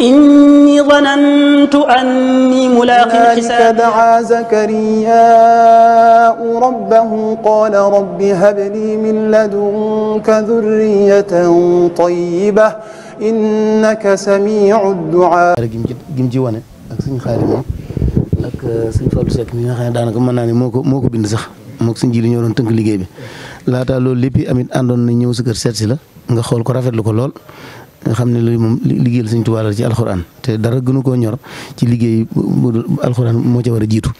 إني ظننت أني ملاق حسابي دعا زكرياء ربه قال رب هب لي من لدنك ذرية طيبة إنك سميع الدعاء gim ji wane ak suñ xaari moom ak suñ Fallou Seck mi nga xam ne daanaka mën naa ne moo ko moo ko bind sax moog suñ ji li ñoo doon tënk liggéey bi laata loolu lépp amit àndoon na ñëw si kër seet si la nga xool ko rafetlu ko lool nga xam ne loolu moom liggéeyal Sëñ Tuubaa la ci alxuraan te dara gënu koo ñor ci liggéey bu alxuraan moo ca war a jiitu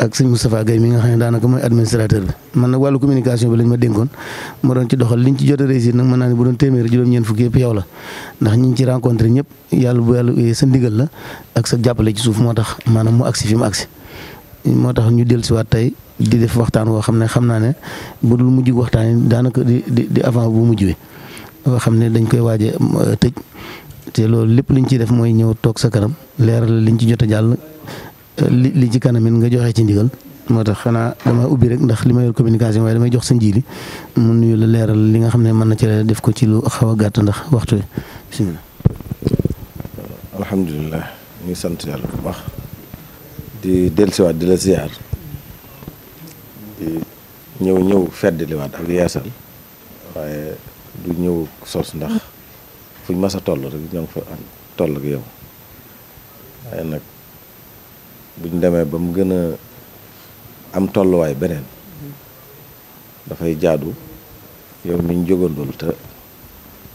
ak sëñ Moustapha Guèye mi nga xam ne daanaka mooy administrateur bi man nag wàllu communication bi lañ ma dénkoon ma doon ci doxal liñ ci jot a nag mën naa ne bu doon téeméer juróom-ñeent fukki yëpp yow la ndax ñi ci rencontré ñëpp yàlla bu yàlla sa ndigal la ak sa jàppale ci suuf moo tax maanaam mu agsi fi mu agsi moo tax ñu dellusiwaat tey di def waxtaan woo xam ne xam naa ne bu dul mujj waxtaan yi daanaka di di di avant bu mujj bi yoo xam ne dañ koy waaje euh, tëj te loolu lépp liñ ciy def mooy ñëw toog sa kanam leeral liñ ci jot a jàll euh, li li ci kanam it nga joxe ci ndigal moo tax xanaa dama ubbi rek ndax li ma yor communication waaye damay jox sa njiili mu nuyu la leeral li nga xam ne mën na ci la def ko ci lu xaw a gàtt ndax waxtu bi bisimilah. alhamdulilah ñu sant yàlla bu baax di dellusiwaat di la ziar di ñëw ñëw ak yeesal du ñëw sos ndax fuñ mas a toll rek ñoo fa am toll ak yow waaye nag buñ demee ba mu gën a am tolluwaay beneen dafay jaadu yow miñ jógandool te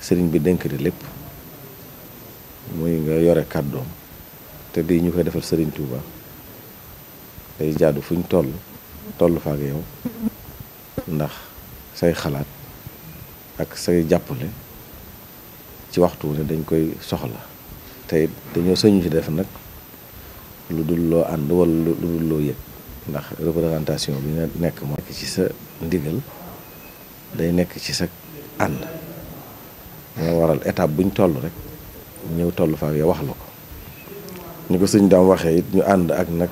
sëriñ bi dénk di lépp muy nga yore kàddoom te di ñu koy defal sëriñ Touba day jaadu fuñ toll toll fa ak yow ndax say xalaat ak say jàppale ci waxtu ne dañ koy soxla te dañoo sëñu ci def nag lu dul loo ànd wala lu dul loo yëg ndax représentation bi nga nekk moo nekk ci sa ndigal day nekk ci sa ànd moo waral étape buñ toll rek ñëw tollu fa ak yow wax la ko ñu ko sëñ daam waxee it ñu ànd ak nag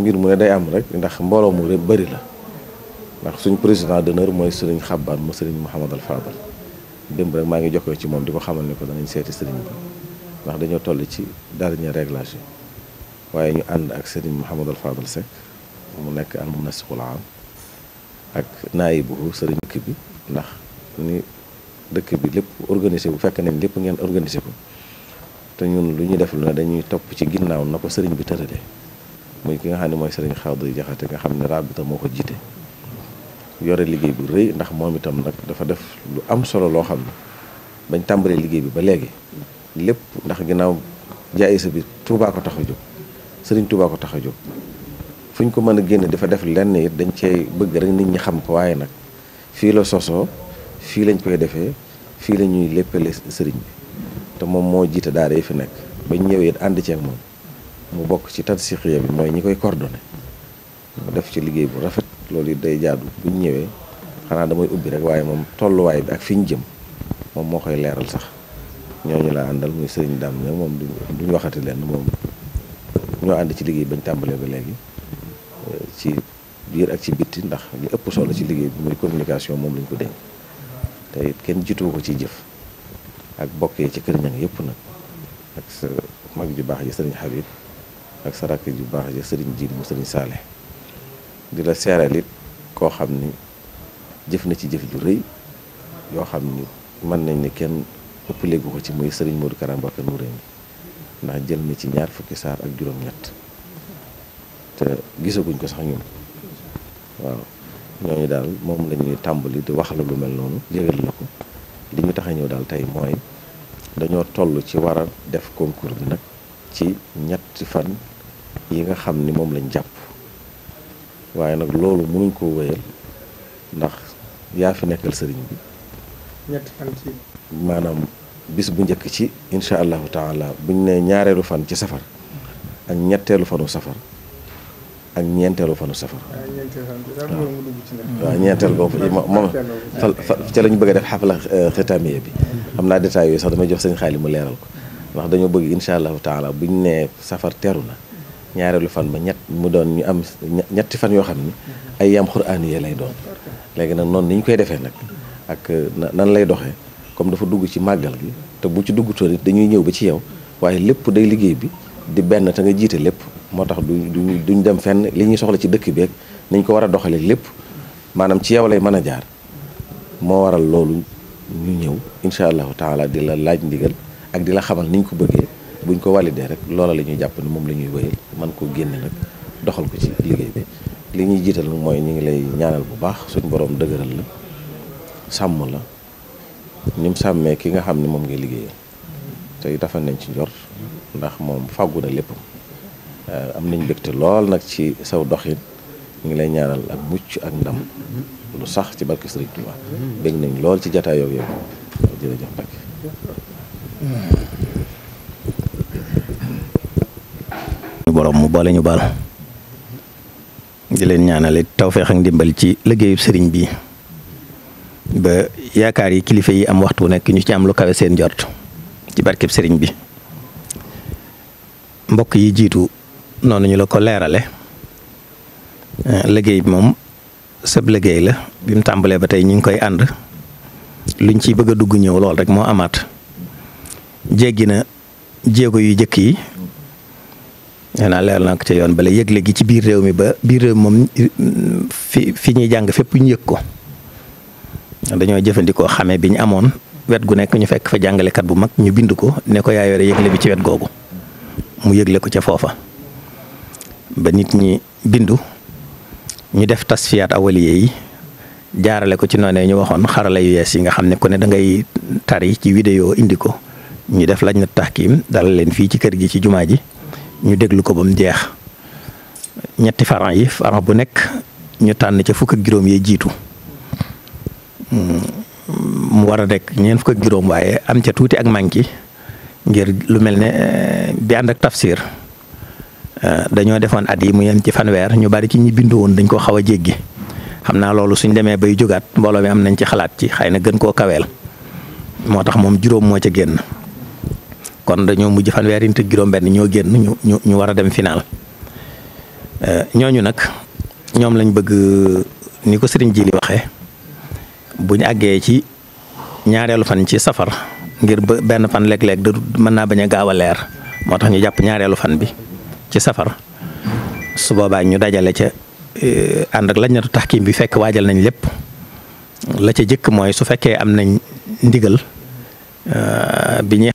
ngir mu ne day am rek ndax mbooloo mu bari la ndax suñ président d'honneur mooy sëriñ xabbaan mu sëriñ Mouhamadal Fadal démb rek maa ngi jokkoo ci moom di ko xamal ne ko danañ seeti sëriñ bi ndax dañoo toll ci dernier réglage waaye ñu ànd ak sëriñ Mouhamadal Fadal Seck mu nekk al munasikul am ak naayibu sëriñ dëkk bi ndax ni dëkk bi lépp organisé bu fekk nañ lépp ngeen organisé ko te ñun lu ñuy def lu ne dañuy topp ci ginnaaw na ko sëriñ bi tëralee muy ki nga xam ne mooy sëriñ Xaadu Jaxate nga xam ne rabita moo ko jiite yore liggéey bu rëy ndax moom itam nag dafa def lu am solo loo xam ne bañ tàmbalee liggéey bi ba léegi lépp ndax ginnaaw jaayisa bi Tuubaa ko tax a jóg Sëriñ Tuubaa ko tax a jóg fu ñu ko mën a génne dafa def lenn it dañ cee bëgg rek nit ñi xam ko waaye nag fii la sosoo fii lañ koy defee fii la ñuy léppale sëriñ bi te moom moo jiite daara yi fi nekk bañ ñëwee it ànd ceeg moom mu bokk ci tansixiya bi mooy ñi koy coordonné mu def ci liggéey bu rafet loolu it day jaadu bu ñëwee xanaa damay ubbi rek waaye moom tolluwaay bi ak fi ñu jëm moom moo koy leeral sax ñoo ñooñu laa àndal muy sëriñ Dame ñoom moom duñ waxati lenn moom ñoo ànd ci liggéey bañ tàmbalee ba léegi euh, ci biir ak ci bitti ndax li ëpp solo ci liggéey bi muy communication moom lañ ko dénk te it kenn jiituwu ko ci jëf ak bokkee ci kër ñang yëpp nag ak sa mag ju baax ji sëriñ Habib ak sa rakk ju baax ji sëriñ Jiir mu sëriñ Saale di la seeral it koo xam ni jëf na ci jëf ju rëy yoo xam ni mën nañ ni kenn ëppaleegu ko ci muy sëriñ Modou Kara Mbacké Noreyni ndax jël na ci ñaar fukki saar ak juróom-ñett te gisaguñ ko sax ñun waaw ñooñu daal moom la ñuy tàmbali di wax la lu mel noonu yëgal la ko li ñu tax ñëw daal tey mooy dañoo toll ci waral def concours bi nag ci ñetti fan yi nga xam ni moom lañ jàpp waaye nag loolu mënuñ ko wéyal ndax yaa fi nekkal sëriñ bi maanaam bis bu njëkk ci incha allahu taala buñ nee ñaareelu fan ci safar ak ñetteelu fanu safar ak ñeenteelu fanu safar ah, waaw ñeenteel boobu moom ca lañu bëgg a def xafla euh, xitamiya bi xam naa détails yooyu sax damay jox sëñ xaalis mu leeral ko ndax dañoo bëgg incha allahu taala buñ ne safar teru na ñaareelu fan ba ñett mu doon ñu am ñetti fan yoo xam ni ay yaam xuraan yi lay doon léegi nag noonu ni ñu koy defee nag ak euh, nan lay doxee comme dafa dugg ci màggal gi te bu ci dugg toon it dañuy ñëw ba ci yow waaye lépp day liggéey bi di benn te nga jiite lépp moo tax duñ duñ dem fenn li ñuy soxla ci dëkk beeg nañ ko war a doxalee lépp maanaam ci yow lay mën a jaar moo waral loolu ñu ñëw incha allahu taala di la laaj ndigal ak di la xamal niñ ko bëggee buñ ko validé rek loola la ñuy jàpp ni moom la ñuy wëyal man koo génne nag doxal ko ci liggéey bi li ñuy jiital nag mooy ñu ngi lay ñaanal bu baax suñ borom dëgëral la sàmm la ñum sàmmee ki nga xam ne moom ngay liggéeyal tey dafa nañ ci njor ndax moom fàggu na lépp euh, am nañ mbégte lool nag ci saw doxin ñu ngi lay ñaanal ak mucc ak ndam lu sax ci barke Sëriñ Tuubaa nañ lool ci jataay yow yow jërëjëf Mbacke suñu borom mu boole ñu baal di leen ñaanale tawféex ak ndimbal ci liggéeyu sëriñ bi ba yaakaar yi kilifa yi am waxtu nekk ñu ci am lu kawe seen jort ci barkeb sëriñ bi mbokk yi jiitu noonu ñu la ko leerale eh, liggéey bi moom sab liggéey la bi mu tàmbalee ba tey ñu ngi koy ànd luñ ci bëgg a dugg ñëw lool rek moo amaat jéggi na jéego yu jëkk yi nee naa leer na ci yoon bala yëgle gi ci biir réew mi ba biir réew moom fi fi ñuy jàng fépp ñu yëg ko dañoo jëfandikoo xame bi ñu amoon wet gu nekk ñu fekk fa jàngalekat bu mag ñu bind ko ne ko yaa yore yëgle bi ci wet googu mu yëgle ko ca foofa ba nit ñi bindu ñu def tasfiyaat awal yi jaarale ko ci noonee ñu waxoon xarala yu yees yi nga xam ne ko ne da ngay tari ci vidéo indi ko ñu def lañ na taxkiim dalal leen fii ci kër gi ci jumaa ji ñu déglu ko ba mu jeex ñetti faran yi faran bu nekk ñu tànn ca fukk juróom yee jiitu hmm, mu war a nekk ñeent fukk ak juróom waaye am ca tuuti ak manki ngir lu mel ne bi eh, ànd ak tafsir eh, dañoo defoon at yi mu yem ci fanweer ñu bari ci ñi bindu woon dañ koo xaw a jéggi xam naa loolu suñ demee bay jógaat mbooloo mi am nañ ci xalaat ci xay na gën koo kaweel moo tax moom juróom moo ca génn. kon dañoo mujj fanweeri nit ak juróom-benn ñoo génn ñu ñu ñu war a dem final euh, ñooñu nag ñoom lañ bëgg ni ko sëriñ ji li waxee bu ñu àggee ci ñaareelu fan ci safar ngir benn fan léeg-léeg da mën naa bañ a gaaw a leer moo tax ñu jàpp ñaareelu fan bi ci safar su boobaa ñu dajale ca euh, ànd ak lañ natu tax kii bi fekk waajal nañ lépp la ca jëkk mooy su fekkee am nañ ndigal euh, bi ñuy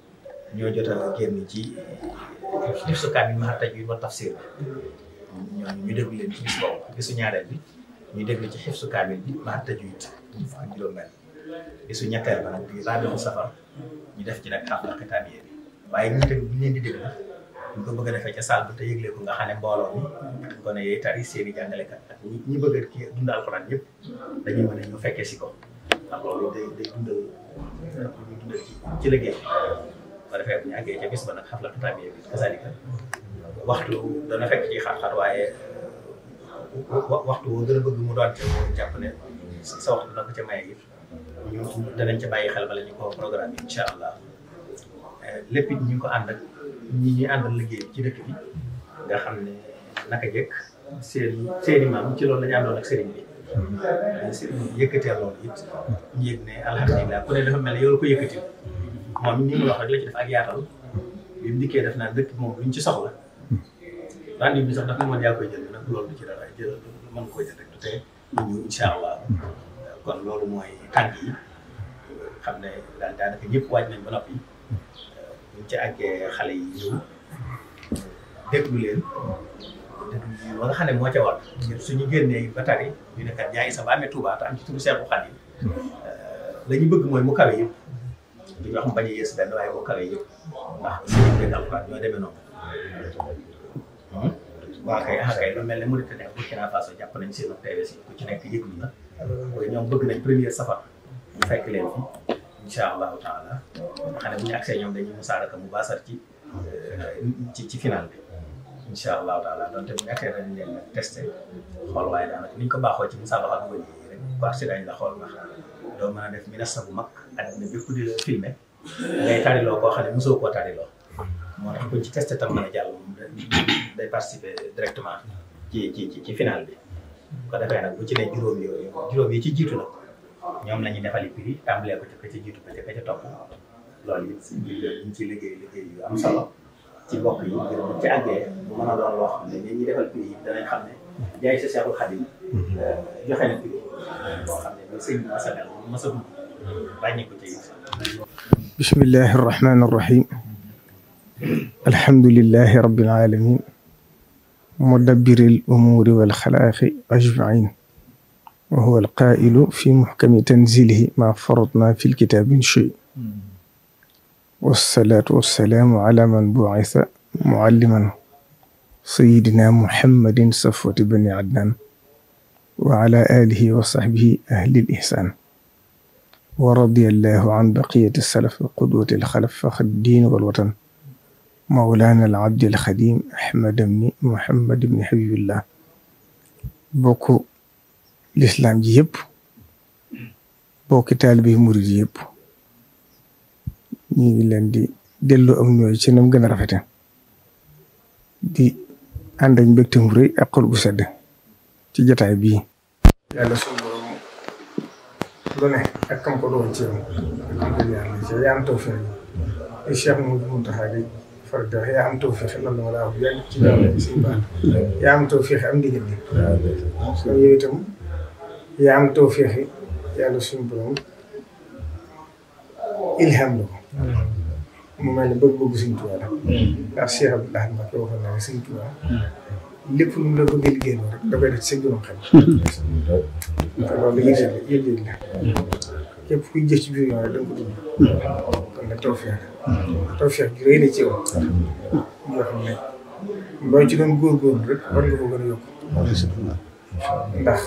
ñoo jot a génn ci ifsukat bi ma tajwid wa tafsir bi ñoom ñu déglu leen ci bis boobu bisu ñaareel bi ñu déglu ci xifsu kaamil bi ma tajwid ak juróom-benn bisu ñetteel ba nag di rabiu safar ñu def ci nag xafla kitaabiyya bi waaye ñi tamit ñu leen di déglu ñu ko bëgg a defee ca saal bi te yëgle ko nga xam ne mbooloo mi kon yooyu tari seeni jàngalekat ak ñi bëgg a kii dund alxuraan yëpp dañuy mën ñu fekkee si ko ba defee bu ñu àggee ca bis ba nag xaflatu tabiya bi kasalika waxtu dana fekk ci xat-xat waaye waxtu woo gën a bëgg mu doon ca jàpp ne sa waxtu dina ko ca danañ ca bàyyi xel bala ñu ko programme yi incha allah lépp it ko ànd ak ñi ñuy àndal liggéey ci dëkk bi xam ne seeni la ñu àndoon ak sëriñ bi hmm. sëriñ bi yëkkatee loolu it ñu yëg ne alhamdulilah ku ne dafa mel ne ko yëkkatil moom ni mu wax rek la ci def ak yaatal bi mu def naa dëkk bi moom luñ ci soxla rendez-vous bi sax dafa mën yaa koy jënd nag loolu du ci dara jël mën kon loolu mooy tànk yi xam ne daal daanaka ñëpp waaj nañ ba noppi buñ ci àggee xale yi ñëw déglu leen déglu ba nga xam ne moo ca war suñu génnee ba tari ñu ne kat jaay sa ba amee Touba am ci turu Seexu Xaadim yi ñu bëgg mooy mu kawe yëpp li ñuy wax mbañ a yees benn waaye boo kawee yëpp ndax suñu benn alxuraan ñoo demee noonu. Hmm? waaw kay ah kay lu mel ne Mauritanie ak Burkina Faso jàpp nañ seen teewee si ku ci nekk yëgul na waaye ñoom bëgg nañ première safar ñu fekk leen fi incha allahu taala xanaa bu ñu agsee ñoom dañuy musaaraka mu baasar ci euh, ci ci final bi. incha allahu taala donte bu ñu agsee dañ leen testé xool waaye daanaka ni ñu ko baaxoo ci musaabaxa bu bëri rek bu baax si dañ la xool ndax doo mën a def minasa bu mag. àddina bi fu di la filmé ngay tariloo koo xam ne mosoo koo tariloo moo tax kuñ ci testé tam mën a jàll day participer directement ci ci ci final bi ko defee nag bu ci ne juróom yi ci jiitu nag ñoom la ñuy defali prix tàmbalee ko ci ka ci jiitu ba ci ka ci topp ci liggéey liggéey yu am solo ci bokk yi ngir ci àggee bu mën a doon loo xam ne ñi ñuy defal prix yi danañ xam ne jaay sa Seexul Xadim mm-hmm. euh, joxe na prix xam ne sëñ bi masa mel bàññi ko tey bismillahi arrahmani arrahim alhamdulillahi rabbil alamin mudabbiril umuri wal xalaaqi ajmain wa huwa alqailu fi muxkami tanzilihi ma faratna fi lkitab min shay wassalaatu wassalaamu ala man buisa mualliman sayidina muhammadin safwati bani adnan wa ala alihi wa sahbihi ahlil ihsan wa radiyallahu an baqiyati salaf qudwati alxalaf faxad diin walwatan mawlaana al abdi al xadim ahmad ibni muhammad ibni habibillah bokk lislaam ji yëpp bokki taalibi murid ji yëpp ñu ngi leen di delloo am ñooy ci nam gën a rafete di ànd ak mbégte mu rëy ak xol bu sedd ci jataay lu ne ak kam ko doon ci yow am ko jaar ci yaa am tawfeex yi Cheikh Mouhamadou Mountakha di faral di wax yaa am tawfeex lan la ma yaa ci daal si baax yaa am tawfeex am ndigal li soo yow itam yaa am tawfeex yi yàlla suñu ilham la mu mel ne bëgg-bëgg suñu tubaab la ndax Cheikh Abdoulaye Mbacke waxoon na ne suñu tubaab lépp nu mu la bëggee liggéey noonu rek da koy def ci sa juróom xel. loolu la ñuy jël yëpp yëpp la. képp kuy jëf ci biir yoon rek da gi rëy na ci yow. moo xam ne boo ci doon góorgóorlu rek war nga ko gën yokk. ndax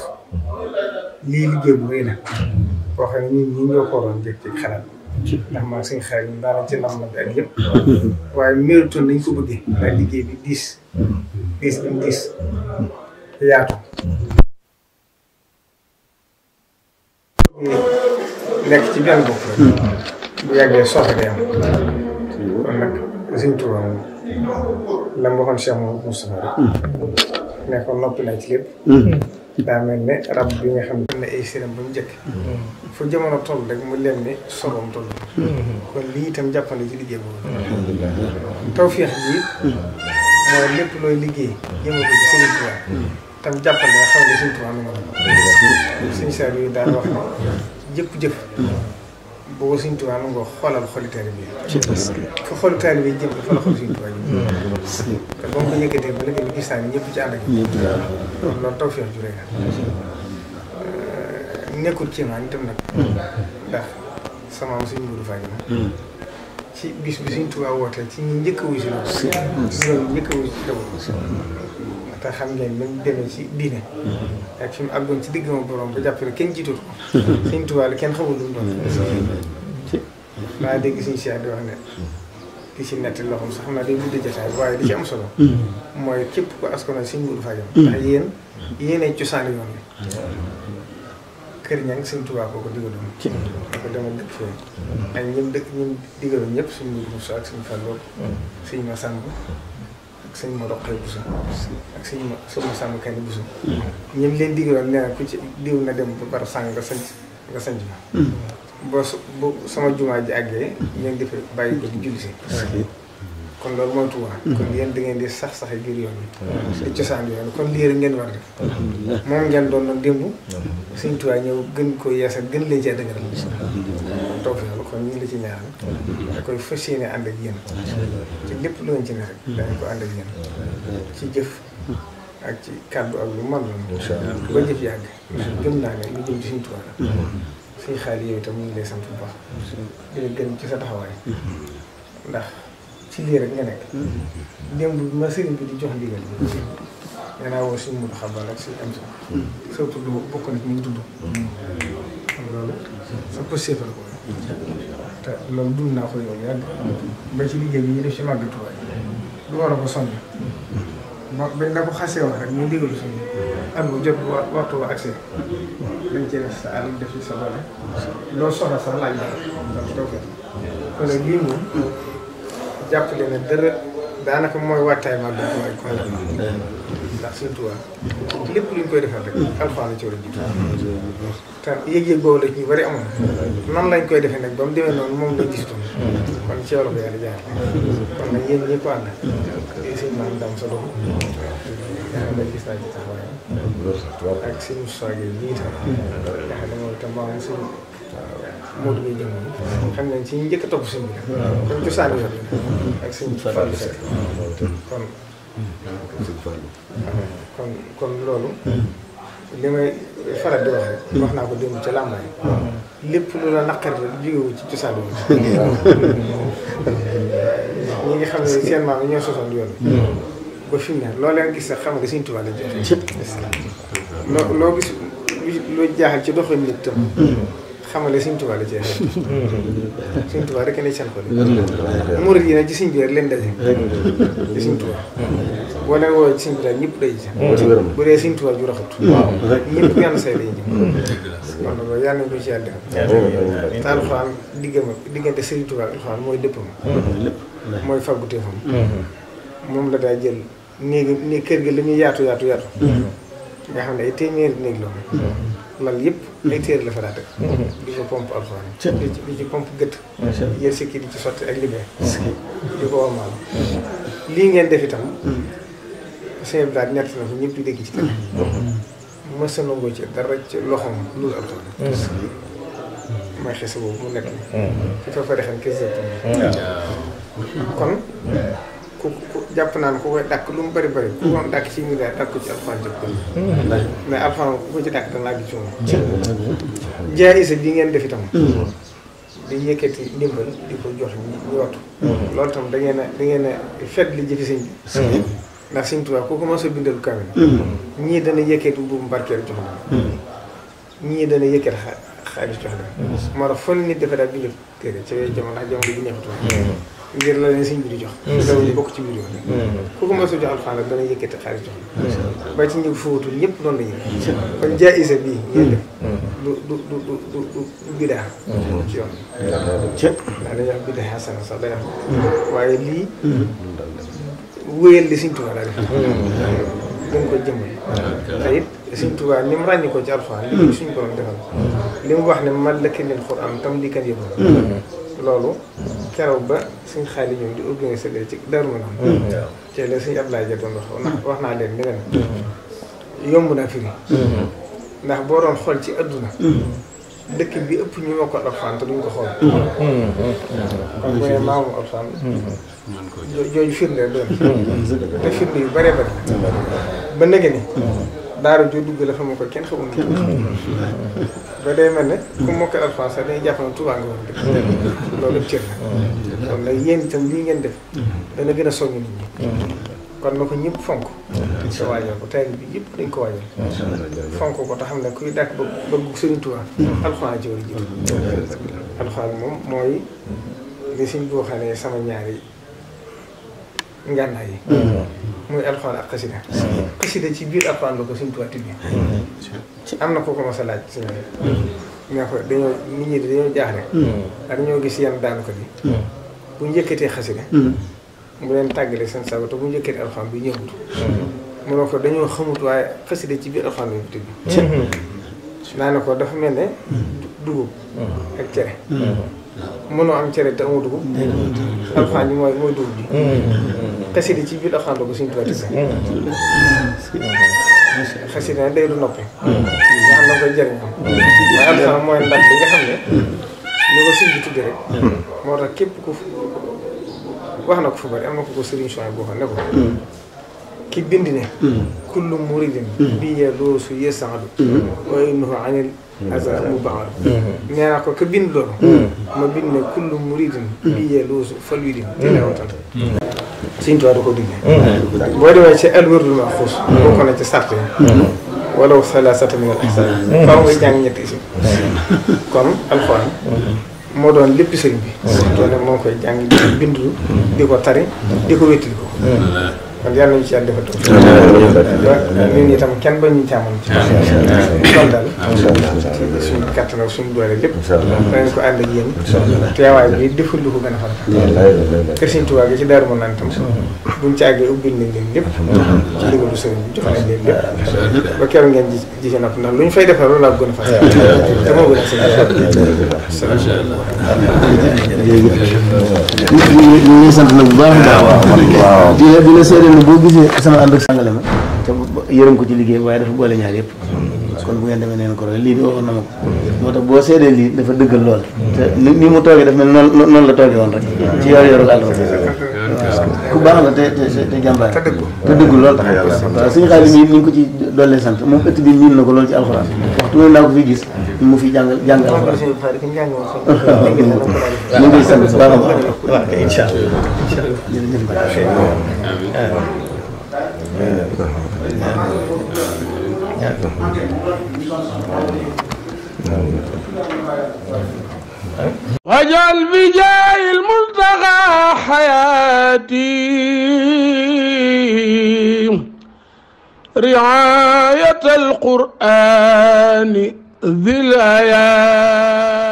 lii liggéey bu rëy na. boo xam ne ñun ñii ñoo ko ndax maa seen xel ñu daanaka ci waaye méritoon nañ ko bëggee ndax liggéey bi diis diis am diis yaatu nekk ci benn bu yàggee soxla day am kon nag suñ la mu noppi naa ci daa mel ne rab bi nga xam ne ay siram ba mu njëkk fu jamono toll rek mu leen ne soloom toll kon lii itam jàppale ci liggéey boobu tawféex lépp looy liggéey jëma ko ci Sëriñ Tuubaa tam jàppale nga xam ne Sëriñ Tuubaa nu ma la suñ saar yi daal wax jëpp boo Sëñ Tuubaa lu nga xoolal xoli taalibe bi fa xoli taalibe bi jëm fa la xol Sëñ Tuubaa yi te boo ko yëkkatee ba léegi gis naa ni ñëpp ci ànd ak loolu tawfeex ju rek euh, nekkul ci maa itam nag hmm. ndax sama am Sëñ Moodu Faaj na hmm. ci bis bi Sëñ Tuubaa wootee ci ñi njëkk a wuy si loolu ñi njëkk a wuy si loolu te xam ngeen ni mu demee ci diine. Mm-hmm. ak fi mu àggoon ci digg ma borom ba jàpp ne kenn jiitu ko. Mm-hmm. Sëñ Tuubaa la kenn xamul lu mu doon. Mm-hmm. maa dégg suñu si di wax ne. di ci netti loxoom sax xam naa day gudd jotaay waaye di ci am solo. mooy képp ku askan suñ Mourou Fadiam. ndax yéen yéenay cosaan yoon bi. kër ña nga Sëñ Tuubaa koo ko digaloon. ko demal dëkk foofu. ak ñun dëkk ñun digaloon ñëpp suñu Mourou Moussa ak suñu Fallou. suñu Massamba. ak sëñ Modou Khare Bousso ak sëñ ma sëñ ma Samba Kane Bousso ñoom mm-hmm. leen digaloon nee na ku ci diw na dem ba bara sàng nga sanc nga sanc ma mm-hmm. boo su bu sama jumaa ji àggee ñoom mm-hmm. dafa bàyyi ko di julli si kon loolu mooy Touba. Mm-hmm. kon yéen da ngeen di sax sax ngir yoon yi. Mm-hmm. di cosaan yoon kon lii rek ngeen war def. moom ngeen doon nag démb. Sëñ Touba ñëw gën ko yeesal gën leen cee dëgëral. toog fi kon ñu ngi la ci ñaanal. da koy fas yéene ak ci lépp lu ngeen ci ne rek. dañu ko ak ci kàddu ak lu mën la. incha allah ba jëf yàgg. gëm naa ne lu jëm ci Sëñ suñu xaalis yooyu itam ñu ngi lay sant bu baax. di gën ci sa taxawaay. ndax. ci lii rek nga nekk. démb bi ma sëriñ bi di jox ndigal. nee naa woo suñu mbiru xabaar ak suñu am sax. surtout lu bokk nag ñu dund. loolu sa posté ko. te loolu dund naa ko yow yàgg. ba ci liggéey bi ñu def ci màgg tubaab yi. du war a ko sonn. ba bañ ko xasee wax rek ñu ndigalu sonn. am nga jot wa waxtu wa accès. dañ cee def sa àll def ci sa bopp. loolu soxla sax laaj na ko. donc doo ko kon nag lii moom. jàppale ne dara daanaka mooy waajtaay ma dugg waaye kon ndax lépp lu ñu koy defal rek alfaan la ci war a jiitu te yëg-yëg boobu la ñu bëri amoon nan lañ koy defee nag ba mu demee noonu moom lañ gisutoon kon ci wàllu yàlla jaar kon nag yéen ñëpp ànd ak sëñ maam dam sa a yàlla gis naa ci taxawaayam ak sëñ Moussa xam ne moom itam maa ngi Modou Gueye Diamono xam nañ ci njëkk a topp sëñ bi kon cosaani yoon ak sëñ Fallou Seck kon kon kon loolu li may faral di wax naa ko démb ca làmbaay lépp lu la naqari la jógewu ci cosaan bi ñi nga xam ne seen maam yi ñoo sosoon yoon ba fi mu ne loo leen gis sax xam nga Sëñ Tuubaa la joxe loo loo gis lu jaaxal ci doxalin nit tam xamale Sëriñ Tuubaa la ci xel Sëriñ Tuubaa rek ne seen xol murid yi nag ci Sëriñ bi rek leen daje bi daal ñëpp day ji mm. bu dee Sëriñ Tuubaa ju raxut ñëpp ñaan say day ji mm. kon loolu yàlla nañ ko ci yàlla defal te alxuraan diggam mooy dëppam mm. mooy fagguteefam moom la daa jël néegi néeg kër gi li yaatu yaatu yaatu nga xam ne ay téeméeri néeg la lal yëpp ay téere la fa daa teg mm-hmm. di ko pompe alxuraan di ci pompe gëtt yéen sikki di ci sotti ak libee mm-hmm. di ko warmaal lii ngeen def itam mm-hmm. sëñ bi daal nett na ko ñëpp di dégg ci tam mësa nangoo ci dara ci loxoom lu alxuraan mooy xese boobu mu nekk ci fa fa dexam kese kon ku ko jàpp naan ko koy dàkk lu mu bari bëri. ku ko dàkk ci mu dàkk ci alxuraan jëpp mm-hmm. mais alxuraan ku ko ci dàkk danaa gis moom. jaay isa ji ngeen def itam. Mm-hmm. di yëkkati di ko jox ñu wattu. Mm-hmm. loolu itam da ngeen a da ngeen a fet li jëfi sëñ bi. ndax sëñ Tuubaa ku ko mos a bindal kaamil. ñii dana yëkkati buubu barkeel jox la. ñii dana yëkkati xaalis jox la. moo tax fon nit dafa daal bindal téere ca jamono ak jamono ngir la leen sëñ bi di jox. Mm-hmm. ndaw ñu bokk ci biir yoon. Mm-hmm. ku ko mos a jox alxuraan rek dana yëkkati xaalis jox la. Mm-hmm. ba ci ñi fóotul ñëpp noonu la ñuy kon jaayisa bii. ngeen def du du du du du li Sëñ Tuubaa daal ko jëmmal. te it Sëñ Tuubaa ni mu ràññi ko ci alxuraan. li suñu borom man la keneen tam li kan yëpp. loolu keroog ba suñ xaalis ñoom di organiser leen ci Darou Manane. waaw te la suñu Abdoulaye Dia doon wax wax naa leen ne leen. yomb na firi. ndax boo doon xool ci àdduna dëkk bi ëpp ñu ma ko alxuraan te duñ ko xool. kon bu ne maamu alxuraan. jooju firnde doon. te firnde yu bëree bëri. ba nëgë ni. daara joo dugg la fa ko kenn xamul. ba day mel ne. ku mokkal alxuraan sax dañuy jàpp ne Tuubaa mm. loolu cër la. kon nag yéen itam lii ngeen def. Mm. dana gën a soññ nit ñi. Mm. kon na ko ñëpp fonk. di ko waajal ko tey bi yëpp dañ ko waajal. fonk ko te xam ne kuy dàkk ba bëgg Sëriñ Tuubaa. alxuraan jiw a jiw. alxuraan moom mooy li suñ boo xam ne sama ñaari. ngànnaay yi mm-hmm. muy alxuraan ak xasida xasida mm-hmm. ci biir alxuraan la ko suñ tuwaat bi am na kooku mas a laaj si nga ko dañoo nit ñi dañoo jaaxle ak ñoo gis yenn daanu ko bi bu njëkkatee xasida mu leen tàggalee seen sabata bu njëkkatee alxuraan bi ñëwut mu ne ko dañoo xamut waaye xasida ci biir alxuraan bi tëdd naa ne ko dafa mel ne dugub ak cere mënoo am cere te amoo dugub. alxaan yi mooy mooy dugub ji. Mm. xasida ci biir alxaan dugg suñu tubaab yi. Mm. xasida nag day du noppi. nga mm. xam ne koy jëriñ ko. waaye alxaan mooy ndab bi nga xam ne. li ko suñ bi tudd rek. moo tax képp ku wax na ko fu bari am na ko ko sëriñ Sonia boo ne ko. ki bind ne. kullu muridin. bi ya loosu yee saxadu. waaye nu ko azar mm. mu baax mm. nee naa ko ka bind loolu mm. ma bind ne kullu muridin bi yee loosu falwidin dina watal Sëñ Tuubaa da ko digle boo demee ci alwérdul maxfuus bokk na ci sart a walaw salaasata min al ihsaan faw nga jàng ñetti isim kon moo doon lépp sëriñ bi surtout nag moo koy jàng di bindu di ko tari di ko wéttili ko kon yàlla nañu ci yàlla defal taw. ñun itam kenn bañ ñu caaman ci. loolu daal suñu kattan ak suñu doole lépp. danañ ko ànd ak yéen. teewaay bi deful lu ko gën a faral. kër Sëriñ Tuubaa gi ci Daaru Manaan tam buñ ci àggee ubbil nañ leen lépp. ci ndigalu sëriñ bi jox nañ leen lépp. ba keroog ngeen ji ji nag ndax lu ñu fay defal loolu laa gën a fas. te moo gën a sëriñ. salaamaaleykum. ñu ngi sant nag bu baax. waaw waaw xam ne boo gisee sama ànd ak sàngale ma te yërëm ko ci liggéey waaye dafa boole ñaar yëpp lii di waxoon na ma ko moo tax boo seedee lii dafa dëggal lool la toogee woon rek ci yor ku baax la te te te jàmbaar te dëggul lool tax suñu xaalis ñi ñu ngi ko ci dollee sant moom ëtt bi miin na ko lool ci alxuraan waxtu naa ko fi gis mu fi jàngal jàngal waaw ñu ngi sant bu baax a baax. waaw kay incha allah incha allah. jërëjëf Mbacke. wajal bi jaayil muntaqa xayaati riayat alqurani ذي العيال